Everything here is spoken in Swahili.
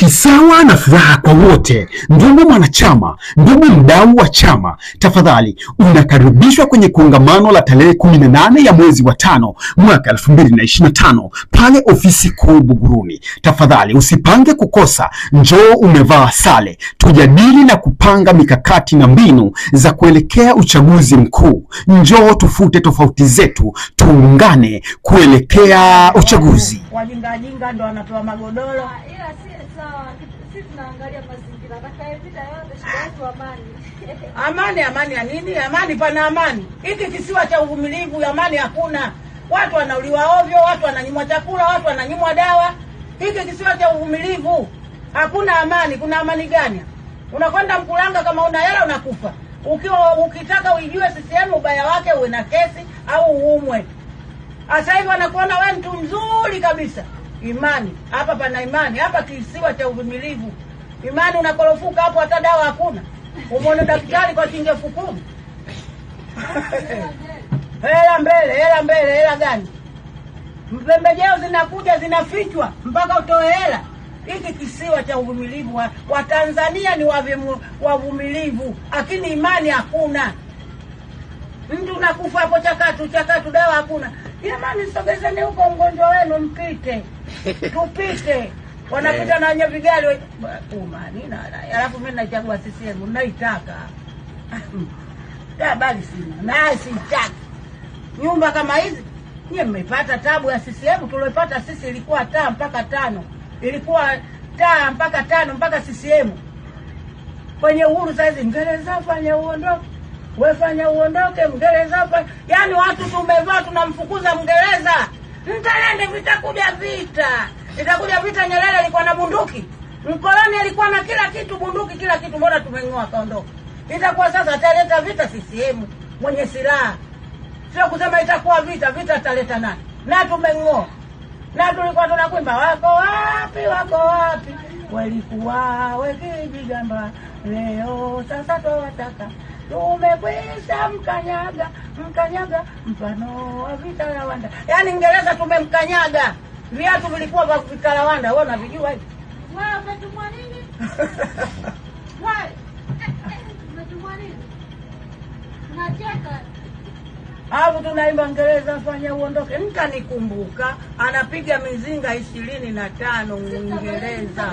kisawa na furaha kwa wote. Ndugu mwanachama, ndugu mdau wa chama, tafadhali unakaribishwa kwenye kongamano la tarehe 18 ya mwezi wa tano mwaka 2025 pale ofisi kuu Buguruni. Tafadhali usipange kukosa, njoo umevaa sare, tujadili na kupanga mikakati na mbinu za kuelekea uchaguzi mkuu. Njoo tufute tofauti zetu, tuungane kuelekea uchaguzi. jinga ndo wanatoa magodoro amani. Amani, amani ya nini? Amani, pana amani? Hiki kisiwa cha uvumilivu, amani hakuna. Watu wanauliwa ovyo, watu wananyimwa chakula, watu wananyimwa dawa. Hiki kisiwa cha uvumilivu, hakuna amani. Kuna amani gani? Unakwenda Mkulanga, kama una hela unakufa. Ukiwa ukitaka uijue CCM ubaya wake, uwe na kesi au uumwe. Sasa hivi wanakuona wewe mtu mzuri kabisa. Imani hapa pana imani hapa, kisiwa cha uvumilivu. Imani unakorofuka hapo, hata dawa hakuna. Umeona daktari kwa shilingi elfu kumi. Hela mbele, hela mbele, hela gani? Pembejeo zinakuja zinafichwa mpaka utoe hela. Hiki kisiwa cha uvumilivu. Watanzania ni wavumilivu, lakini imani hakuna. Mtu nakufa hapo chakatu chakatu, dawa hakuna. Jamani, sogezeni huko mgonjwa wenu mpite tupite wanapita eh. na wenye vigali umani na alafu mimi nachagua CCM naitaka habari sina na sitaki nyumba kama hizi. Nyie mmepata tabu ya CCM, tuliopata sisi ilikuwa taa mpaka tano, ilikuwa taa mpaka tano mpaka CCM kwenye uhuru. Saizi mgereza fanya uondoke, wefanya uondoke Mngereza fanya, yaani watu tumevaa tunamfukuza mgereza Mtalende vitakuja vita, vitakuja vita. Nyerere alikuwa na bunduki, mkoloni alikuwa na kila kitu, bunduki, kila kitu, mbona tumeng'oa kaondoka? Itakuwa sasa ataleta vita CCM mwenye silaha, sio kusema itakuwa vita. Vita ataleta nani? Na tumeng'oa na tulikuwa tunakwimba wako wapi, wako wapi walikuwa wekijigamba, leo sasa twawataka tumekwisha mkanyaga, mkanyaga mfano wa vita wanda Yaani ngereza tumemkanyaga, viatu vilikuwa vya wanda Wewe unavijua hivi? Wewe umetumwa nini? Wewe eh, eh, umetumwa nini? Unacheka Alafu tunaimba Ngereza fanya uondoke, mtanikumbuka anapiga mizinga ishirini na tano Uingereza.